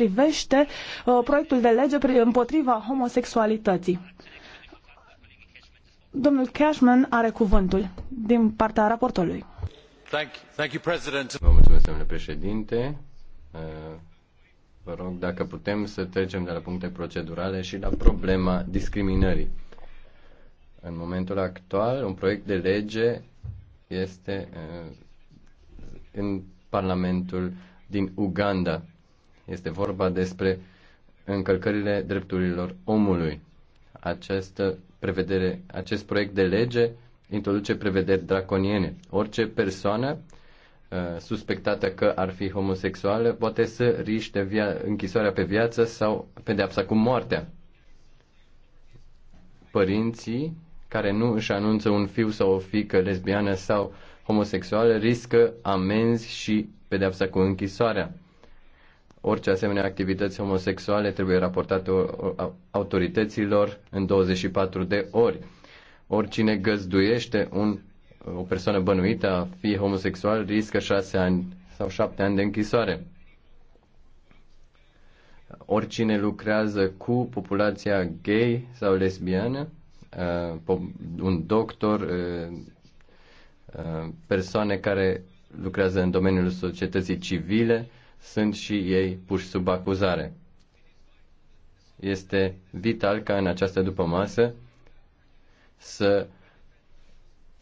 privește uh, proiectul de lege împotriva homosexualității. Domnul Cashman are cuvântul din partea raportorului. Thank, you, President. Vă mulțumesc, domnule președinte. Uh, vă rog dacă putem să trecem de la puncte procedurale și la problema discriminării. În momentul actual, un proiect de lege este uh, în Parlamentul din Uganda este vorba despre încălcările drepturilor omului. Această prevedere, acest proiect de lege introduce prevederi draconiene. Orice persoană uh, suspectată că ar fi homosexuală poate să riște via- închisoarea pe viață sau pedeapsa cu moartea. Părinții care nu își anunță un fiu sau o fică lesbiană sau homosexuală riscă amenzi și pedeapsa cu închisoarea. Orice asemenea activități homosexuale trebuie raportate autorităților în 24 de ori. Oricine găzduiește un, o persoană bănuită a fi homosexual riscă 6 ani sau 7 ani de închisoare. Oricine lucrează cu populația gay sau lesbiană, uh, un doctor, uh, uh, persoane care lucrează în domeniul societății civile, sunt și ei puși sub acuzare. Este vital ca în această dupămasă să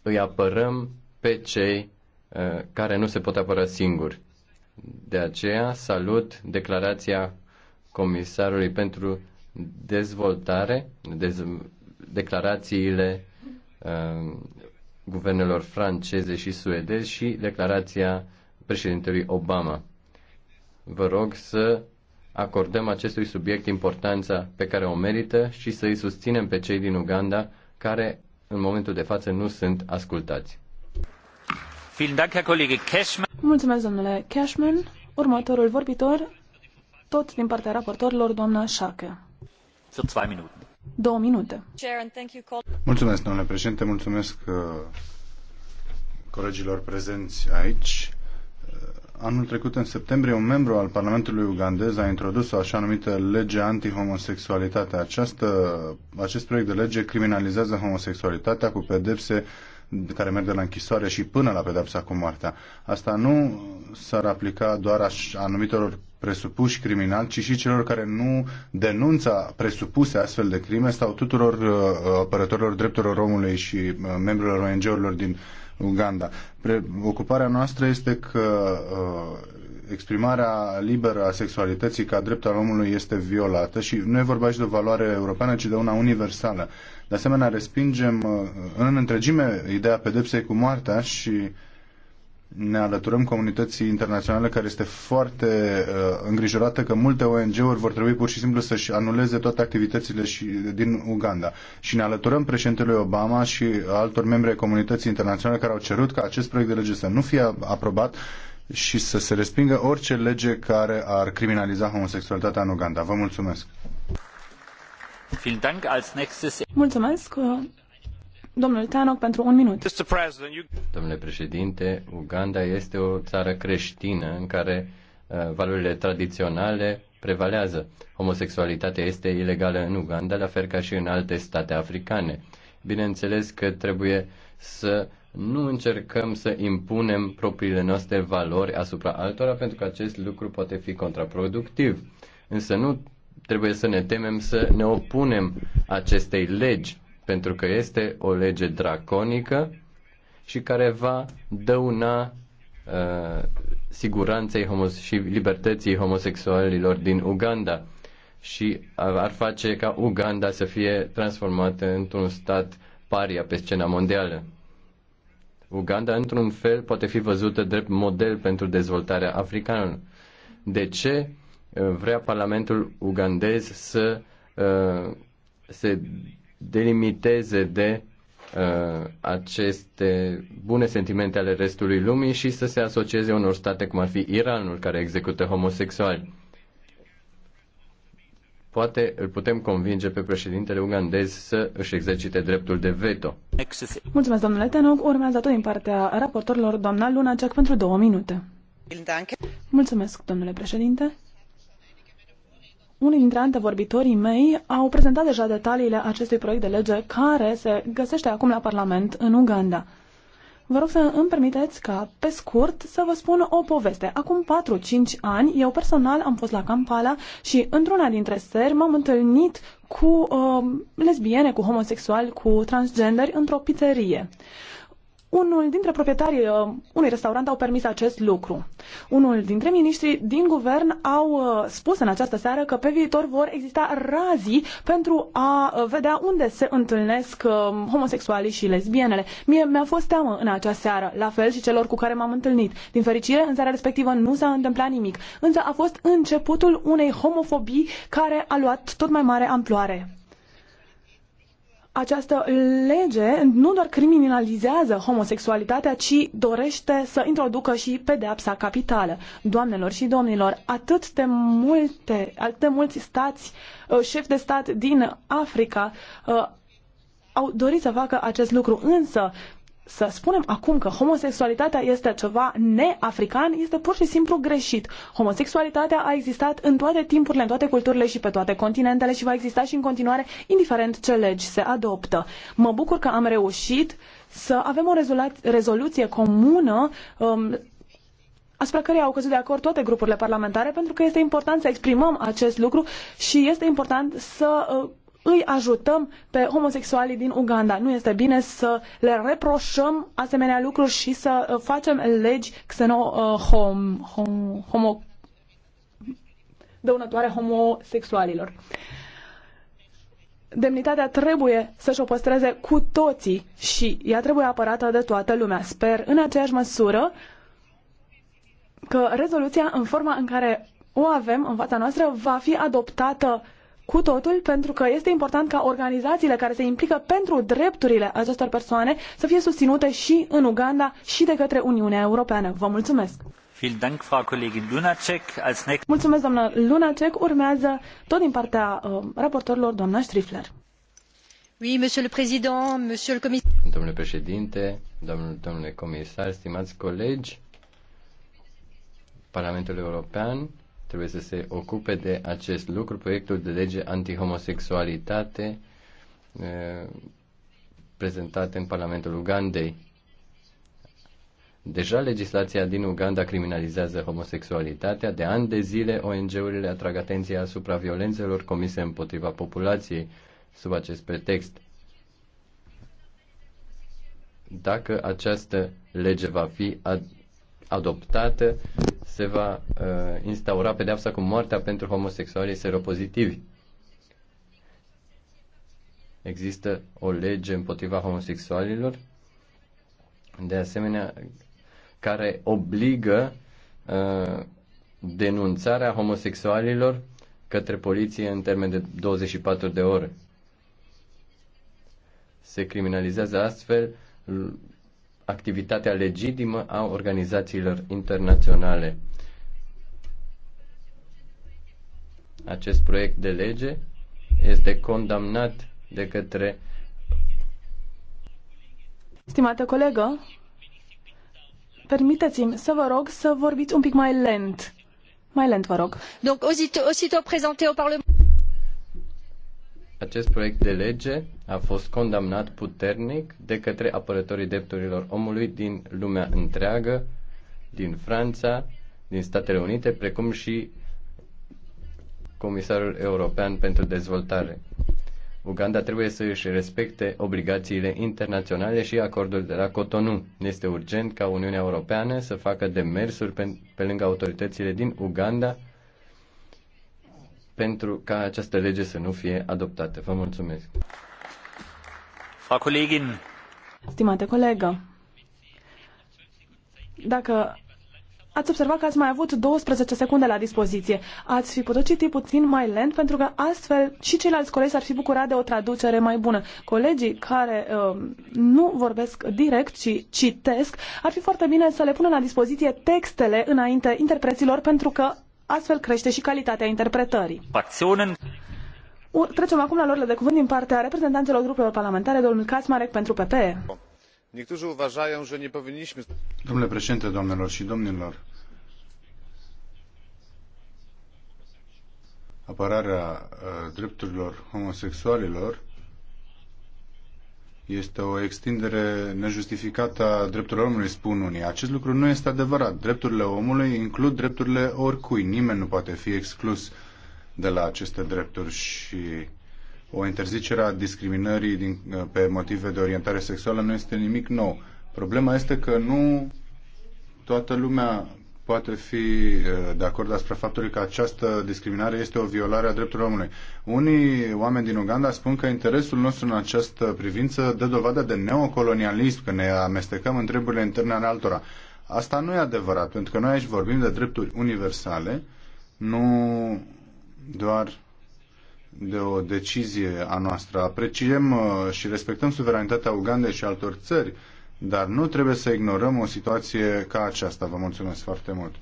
îi apărăm pe cei uh, care nu se pot apăra singuri. De aceea salut declarația Comisarului pentru Dezvoltare, dez, declarațiile uh, guvernelor franceze și suedez și declarația președintelui Obama. Vă rog să acordăm acestui subiect importanța pe care o merită și să îi susținem pe cei din Uganda care în momentul de față nu sunt ascultați. Mulțumesc, domnule Cashman. Următorul vorbitor, tot din partea raportorilor, doamna Șacă. Două minute. Mulțumesc, domnule președinte, mulțumesc uh, colegilor prezenți aici anul trecut, în septembrie, un membru al Parlamentului ugandez a introdus o așa numită lege antihomosexualitate. Această, acest proiect de lege criminalizează homosexualitatea cu pedepse care merg de la închisoare și până la pedepsa cu moartea. Asta nu s-ar aplica doar aș, anumitor presupuși criminali, ci și celor care nu denunță presupuse astfel de crime sau tuturor uh, apărătorilor drepturilor omului și uh, membrilor ONG-urilor din Uganda. Pre- ocuparea noastră este că uh, exprimarea liberă a sexualității ca drept al omului este violată și nu e vorba și de o valoare europeană, ci de una universală. De asemenea, respingem uh, în întregime ideea pedepsei cu moartea și uh, ne alăturăm comunității internaționale care este foarte uh, îngrijorată că multe ONG-uri vor trebui pur și simplu să-și anuleze toate activitățile și, din Uganda. Și ne alăturăm președintelui Obama și altor membri ai comunității internaționale care au cerut ca acest proiect de lege să nu fie aprobat și să se respingă orice lege care ar criminaliza homosexualitatea în Uganda. Vă mulțumesc! Mulțumesc! Uh, domnul Tanok, pentru un minut domnule președinte. Uganda este o țară creștină în care uh, valorile tradiționale prevalează. Homosexualitatea este ilegală în Uganda, la fel ca și în alte state africane. Bineînțeles că trebuie să nu încercăm să impunem propriile noastre valori asupra altora, pentru că acest lucru poate fi contraproductiv. Însă nu trebuie să ne temem să ne opunem acestei legi, pentru că este o lege draconică și care va dăuna uh, siguranței și libertății homosexualilor din Uganda și ar face ca Uganda să fie transformată într-un stat paria pe scena mondială. Uganda, într-un fel, poate fi văzută drept model pentru dezvoltarea africană. De ce uh, vrea Parlamentul ugandez să uh, se delimiteze de Uh, aceste bune sentimente ale restului lumii și să se asocieze unor state cum ar fi Iranul, care execută homosexuali. Poate îl putem convinge pe președintele ugandez să își exercite dreptul de veto. Mulțumesc, domnule Tenoc. Urmează tot din partea raportorilor doamna Ceac, pentru două minute. Mulțumesc, domnule președinte unii dintre antevorbitorii mei au prezentat deja detaliile acestui proiect de lege care se găsește acum la Parlament în Uganda. Vă rog să îmi permiteți ca, pe scurt, să vă spun o poveste. Acum 4-5 ani, eu personal am fost la Kampala și într-una dintre seri m-am întâlnit cu uh, lesbiene, cu homosexuali, cu transgenderi într-o pizzerie unul dintre proprietarii uh, unui restaurant au permis acest lucru. Unul dintre miniștrii din guvern au uh, spus în această seară că pe viitor vor exista razii pentru a uh, vedea unde se întâlnesc homosexualii și lesbienele. Mie mi-a fost teamă în acea seară, la fel și celor cu care m-am întâlnit. Din fericire, în seara respectivă nu s-a întâmplat nimic, însă a fost începutul unei homofobii care a luat tot mai mare amploare această lege nu doar criminalizează homosexualitatea, ci dorește să introducă și pedepsa capitală. Doamnelor și domnilor, atât de multe, atât de mulți stați, uh, șefi de stat din Africa uh, au dorit să facă acest lucru, însă să spunem acum că homosexualitatea este ceva neafrican este pur și simplu greșit. Homosexualitatea a existat în toate timpurile, în toate culturile și pe toate continentele și va exista și în continuare, indiferent ce legi se adoptă. Mă bucur că am reușit să avem o rezoluție comună um, asupra căreia au căzut de acord toate grupurile parlamentare, pentru că este important să exprimăm acest lucru și este important să uh, îi ajutăm pe homosexualii din Uganda. Nu este bine să le reproșăm asemenea lucruri și să uh, facem legi xeno, uh, hom, hom, homo, dăunătoare homosexualilor. Demnitatea trebuie să-și o păstreze cu toții și ea trebuie apărată de toată lumea. Sper în aceeași măsură că rezoluția în forma în care o avem în fața noastră va fi adoptată cu totul, pentru că este important ca organizațiile care se implică pentru drepturile acestor persoane să fie susținute și în Uganda și de către Uniunea Europeană. Vă mulțumesc! Mulțumesc, doamnă Lunacek. Urmează, tot din partea uh, raportorilor, doamna Strifler. Oui, monsieur le président, monsieur le commissaire. Domnule președinte, domnule, domnule comisar, stimați colegi, Parlamentul European trebuie să se ocupe de acest lucru. Proiectul de lege antihomosexualitate eh, prezentat în Parlamentul Ugandei. Deja legislația din Uganda criminalizează homosexualitatea. De ani de zile, ONG-urile atrag atenția asupra violențelor comise împotriva populației sub acest pretext. Dacă această lege va fi adoptată, se va uh, instaura pedeapsa cu moartea pentru homosexualii seropozitivi. Există o lege împotriva homosexualilor, de asemenea, care obligă uh, denunțarea homosexualilor către poliție în termen de 24 de ore. Se criminalizează astfel activitatea legitimă a organizațiilor internaționale. Acest proiect de lege este condamnat de către. Stimată colegă, permiteți-mi să vă rog să vorbiți un pic mai lent. Mai lent, vă rog. Donc, aussitôt, aussitôt au Parlement. Acest proiect de lege a fost condamnat puternic de către apărătorii drepturilor omului din lumea întreagă, din Franța, din Statele Unite, precum și Comisarul European pentru Dezvoltare. Uganda trebuie să își respecte obligațiile internaționale și acordul de la Cotonou. Este urgent ca Uniunea Europeană să facă demersuri pe, pe lângă autoritățile din Uganda pentru ca această lege să nu fie adoptată. Vă mulțumesc! Stimate colegă, dacă ați observat că ați mai avut 12 secunde la dispoziție, ați fi putut citi puțin mai lent pentru că astfel și ceilalți colegi s-ar fi bucurat de o traducere mai bună. Colegii care uh, nu vorbesc direct, ci citesc, ar fi foarte bine să le pună la dispoziție textele înainte interpreților pentru că astfel crește și calitatea interpretării. Trecem acum la lorile de cuvânt din partea reprezentanților grupurilor parlamentare, domnul Kaczmarek pentru PPE. Domnule președinte, doamnelor și domnilor, apărarea ă, drepturilor homosexualilor este o extindere nejustificată a drepturilor omului, spun unii. Acest lucru nu este adevărat. Drepturile omului includ drepturile oricui. Nimeni nu poate fi exclus de la aceste drepturi și o interzicere a discriminării din, pe motive de orientare sexuală nu este nimic nou. Problema este că nu toată lumea poate fi eh, de acord asupra faptului că această discriminare este o violare a drepturilor omului. Unii oameni din Uganda spun că interesul nostru în această privință dă dovadă de neocolonialism, că ne amestecăm în treburile interne ale altora. Asta nu e adevărat, pentru că noi aici vorbim de drepturi universale, nu doar de o decizie a noastră. Apreciem uh, și respectăm suveranitatea Ugandei și altor țări, dar nu trebuie să ignorăm o situație ca aceasta. Vă mulțumesc foarte mult.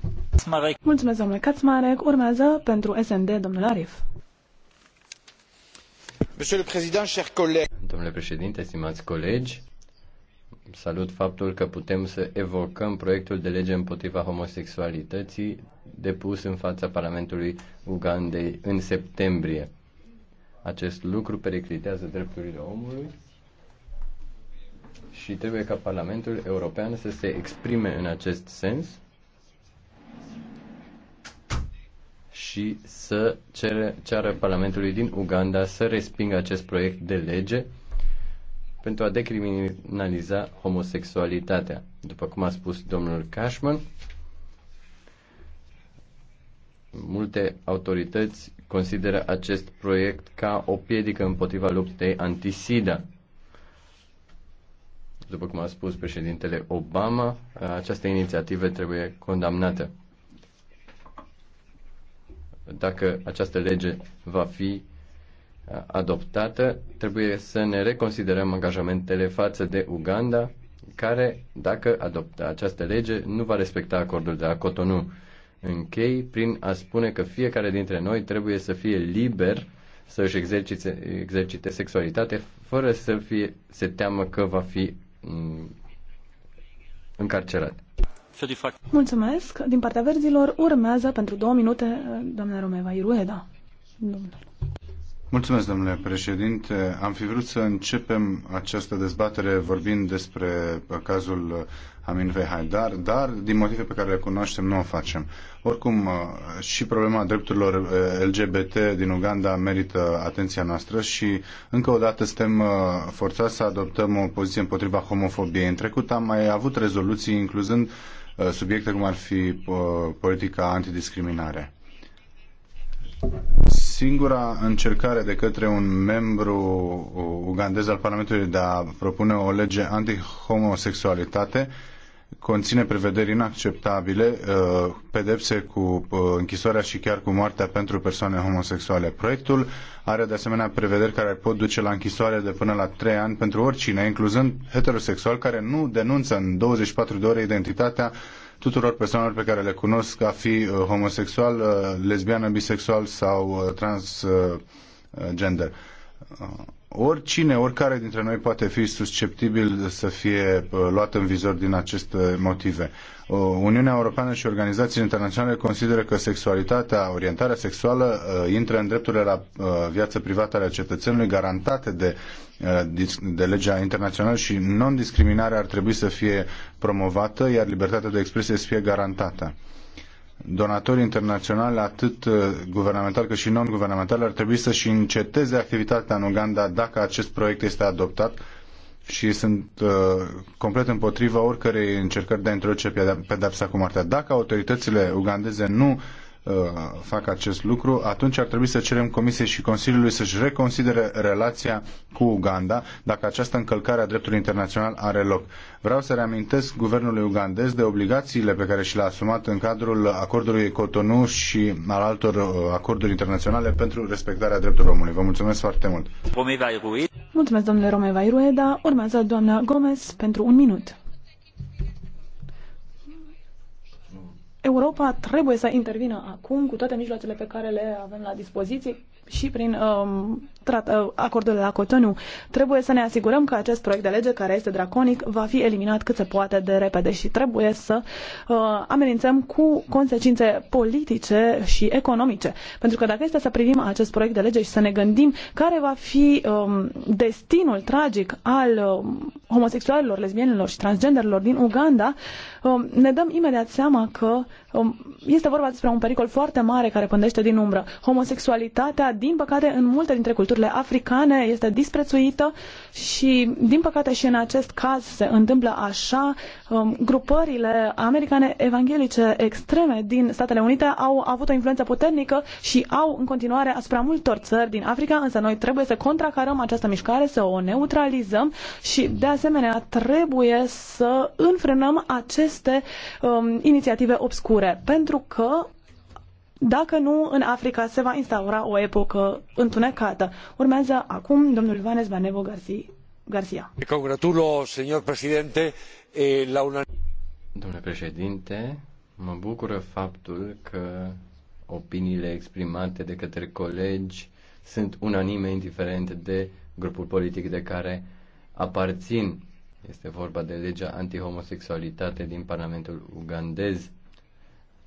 Mulțumesc, domnule Kaczmarek. Urmează pentru SND, domnul Arif. Domnule președinte, stimați colegi, salut faptul că putem să evocăm proiectul de lege împotriva homosexualității depus în fața Parlamentului Ugandei în septembrie. Acest lucru periclitează drepturile omului și trebuie ca Parlamentul European să se exprime în acest sens și să cere, ceară Parlamentului din Uganda să respingă acest proiect de lege pentru a decriminaliza homosexualitatea. După cum a spus domnul Cashman, multe autorități consideră acest proiect ca o piedică împotriva luptei antisida. După cum a spus președintele Obama, această inițiativă trebuie condamnată. Dacă această lege va fi adoptată, trebuie să ne reconsiderăm angajamentele față de Uganda, care, dacă adoptă această lege, nu va respecta acordul de la Cotonou. Închei prin a spune că fiecare dintre noi trebuie să fie liber să își exercite, exercite sexualitate fără să fie, se teamă că va fi mm, încarcerat. Mulțumesc. Din partea verzilor urmează pentru două minute doamna Romeva Irueda. Domnul. Mulțumesc, domnule președinte. Am fi vrut să începem această dezbatere vorbind despre cazul Amin Haidar, dar din motive pe care le cunoaștem nu o facem. Oricum, și problema drepturilor eh, LGBT din Uganda merită atenția noastră și încă o dată suntem eh, forțați să adoptăm o poziție împotriva homofobiei. În trecut am mai avut rezoluții incluzând eh, subiecte cum ar fi politica antidiscriminare singura încercare de către un membru uh, ugandez al Parlamentului de a propune o lege anti-homosexualitate conține prevederi inacceptabile, uh, pedepse cu uh, închisoarea și chiar cu moartea pentru persoane homosexuale. Proiectul are de asemenea prevederi care pot duce la închisoare de până la 3 ani pentru oricine, incluzând heterosexual care nu denunță în 24 de ore identitatea tuturor persoanelor pe care le cunosc a fi uh, homosexual, uh, lesbiană, bisexual sau uh, transgender oricine, oricare dintre noi poate fi susceptibil să fie uh, luat în vizor din aceste motive. Uniunea Europeană și organizațiile internaționale consideră că sexualitatea, orientarea sexuală uh, intră în drepturile la uh, viață privată ale cetățenului garantate de, de legea internațională și non-discriminarea ar trebui să fie promovată, iar libertatea de expresie să fie garantată donatorii internaționali, atât uh, guvernamentali cât și non-guvernamentali, ar trebui să-și înceteze activitatea în Uganda dacă acest proiect este adoptat și sunt uh, complet împotriva oricărei încercări de a introduce pedepsa cu moartea. Dacă autoritățile ugandeze nu Uh, fac acest lucru, atunci ar trebui să cerem Comisiei și Consiliului să-și reconsidere relația cu Uganda dacă această încălcare a dreptului internațional are loc. Vreau să reamintesc guvernului ugandez de obligațiile pe care și le-a asumat în cadrul acordului Cotonou și al altor uh, acorduri internaționale pentru respectarea drepturilor omului. Vă mulțumesc foarte mult! Mulțumesc, domnule Romeva Irueda. Urmează doamna Gomez pentru un minut. Europa trebuie să intervină acum cu toate mijloacele pe care le avem la dispoziție și prin um, trat, uh, acordul la Cotonou. Trebuie să ne asigurăm că acest proiect de lege, care este draconic, va fi eliminat cât se poate de repede și trebuie să uh, amenințăm cu consecințe politice și economice. Pentru că dacă este să privim acest proiect de lege și să ne gândim care va fi um, destinul tragic al um, homosexualilor, lesbienilor și transgenderilor din Uganda, um, ne dăm imediat seama că Um, este vorba despre un pericol foarte mare care pândește din umbră. Homosexualitatea, din păcate, în multe dintre culturile africane este disprețuită și, din păcate, și în acest caz se întâmplă așa. Um, grupările americane evanghelice extreme din Statele Unite au avut o influență puternică și au în continuare asupra multor țări din Africa, însă noi trebuie să contracarăm această mișcare, să o neutralizăm și, de asemenea, trebuie să înfrânăm aceste um, inițiative obscure membre, pentru că dacă nu, în Africa se va instaura o epocă întunecată. Urmează acum domnul Vanes Banevo Garcia. Me congratulo, señor presidente, eh, la una... Domnule președinte, mă bucură faptul că opiniile exprimate de către colegi sunt unanime, indiferent de grupul politic de care aparțin. Este vorba de legea antihomosexualitate din Parlamentul ugandez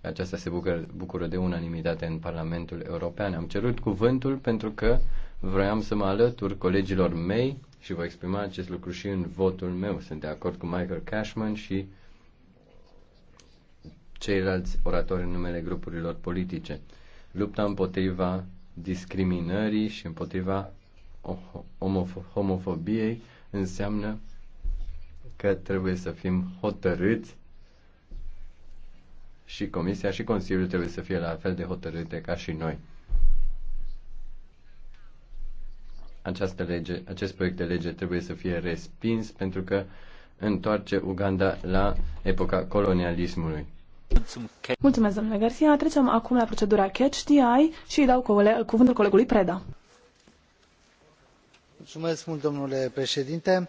aceasta se bucură, bucură de unanimitate în Parlamentul European. Am cerut cuvântul pentru că vroiam să mă alătur colegilor mei și voi exprima acest lucru și în votul meu. Sunt de acord cu Michael Cashman și ceilalți oratori în numele grupurilor politice. Lupta împotriva discriminării și împotriva homofobiei înseamnă că trebuie să fim hotărâți și Comisia și Consiliul trebuie să fie la fel de hotărâte ca și noi. Această lege, acest proiect de lege trebuie să fie respins pentru că întoarce Uganda la epoca colonialismului. Mulțumesc, domnule Garcia. Trecem acum la procedura Catch DI și îi dau cuvântul colegului Preda. Mulțumesc mult, domnule președinte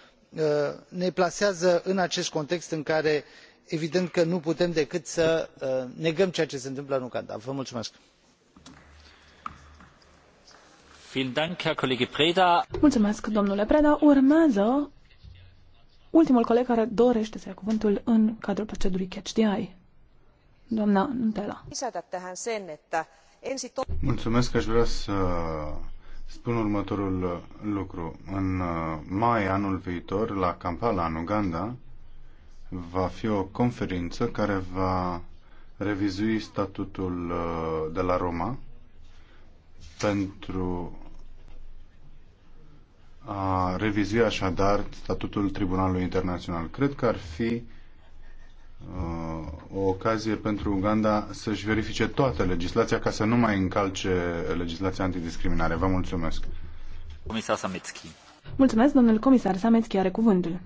Uh, ne plasează în acest context în care evident că nu putem decât să uh, negăm ceea ce se întâmplă în uganda. vă mulțumesc. Mulțumesc, domnule Preda. Urmează ultimul coleg care dorește să ia cuvântul în cadrul procedurii Catch the Eye. Doamna Ntela. Mulțumesc, aș vrea să spun următorul uh, lucru. În uh, mai anul viitor, la Kampala, în Uganda, va fi o conferință care va revizui statutul uh, de la Roma pentru a revizui așadar statutul Tribunalului Internațional. Cred că ar fi Uh, o ocazie pentru Uganda să-și verifice toată legislația ca să nu mai încalce legislația antidiscriminare. Vă mulțumesc. Comisar Sametski. Mulțumesc, domnul comisar Sametski are cuvântul.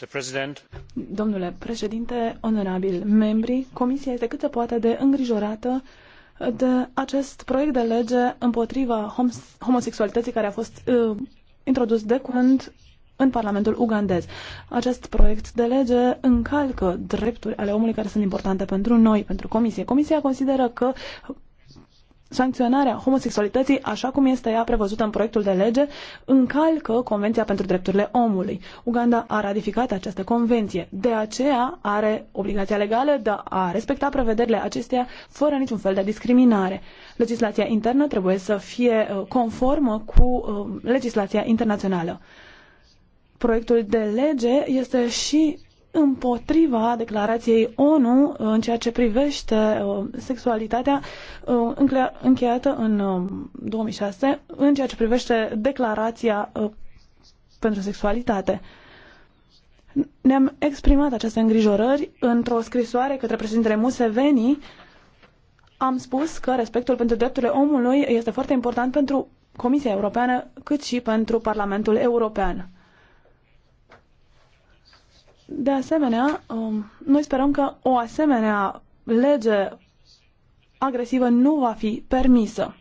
Mr. President. Domnule președinte, onorabil membri, Comisia este cât se poate de îngrijorată de acest proiect de lege împotriva homosexualității care a fost uh, introdus de curând în Parlamentul ugandez. Acest proiect de lege încalcă drepturi ale omului care sunt importante pentru noi, pentru Comisie. Comisia consideră că sancționarea homosexualității, așa cum este ea prevăzută în proiectul de lege, încalcă Convenția pentru Drepturile Omului. Uganda a ratificat această convenție, de aceea are obligația legală de a respecta prevederile acesteia fără niciun fel de discriminare. Legislația internă trebuie să fie uh, conformă cu uh, legislația internațională. Proiectul de lege este și împotriva declarației ONU uh, în ceea ce privește uh, sexualitatea uh, încheiată în 2006, um, în ceea ce privește declarația pentru sexualitate. Ne-am exprimat aceste îngrijorări într-o scrisoare către președintele Museveni. Am spus că respectul pentru drepturile omului este foarte important pentru Comisia Europeană, cât și pentru Parlamentul European. De asemenea, um, noi sperăm că o asemenea lege agresivă nu va fi permisă.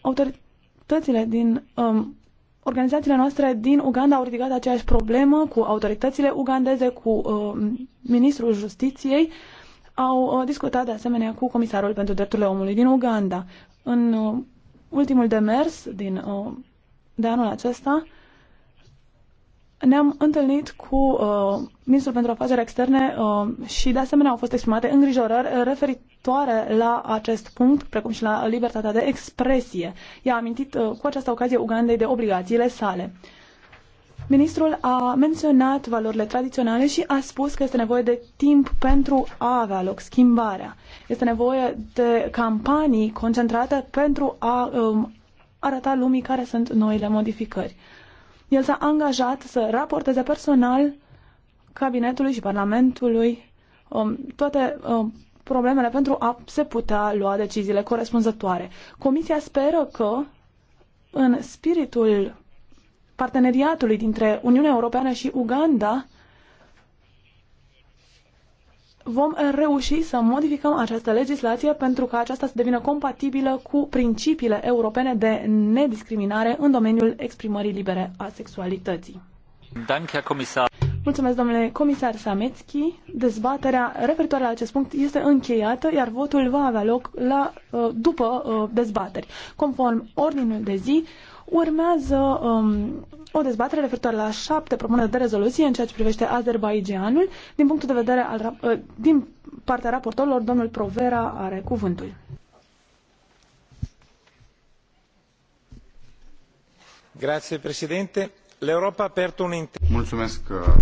Autoritățile din um, organizațiile noastre din Uganda au ridicat aceeași problemă cu autoritățile ugandeze, cu um, ministrul justiției, au uh, discutat de asemenea cu comisarul pentru drepturile omului din Uganda. În uh, ultimul demers din, uh, de anul acesta, uh, ne-am întâlnit cu uh, Ministrul pentru Afaceri Externe uh, și de asemenea au fost exprimate îngrijorări referitoare la acest punct, precum și la libertatea de expresie. I-a amintit uh, cu această ocazie Ugandei de obligațiile sale. Ministrul a menționat valorile tradiționale și a spus că este nevoie de timp pentru a avea loc schimbarea. Este nevoie de campanii concentrate pentru a um, arăta lumii care sunt noile modificări. Uh, el s-a angajat să raporteze personal cabinetului și Parlamentului um, toate um, problemele pentru a se putea lua deciziile corespunzătoare. Comisia speră că, în spiritul parteneriatului dintre Uniunea Europeană și Uganda, vom reuși să modificăm această legislație pentru ca aceasta să devină compatibilă cu principiile europene de nediscriminare în domeniul exprimării libere a sexualității. Mulțumesc, domnule comisar Sametski. Dezbaterea referitoare la acest punct este încheiată, iar votul va avea loc la, uh, după uh, dezbateri. Conform ordinul de zi, Urmează um, o dezbatere referitoare la șapte propuneri de rezoluție în ceea ce privește Azerbaijanul. Din punctul de vedere al, uh, din partea raportorilor, domnul Provera are cuvântul. Grazie, președinte. L'Europa ha aperto Mulțumesc, uh,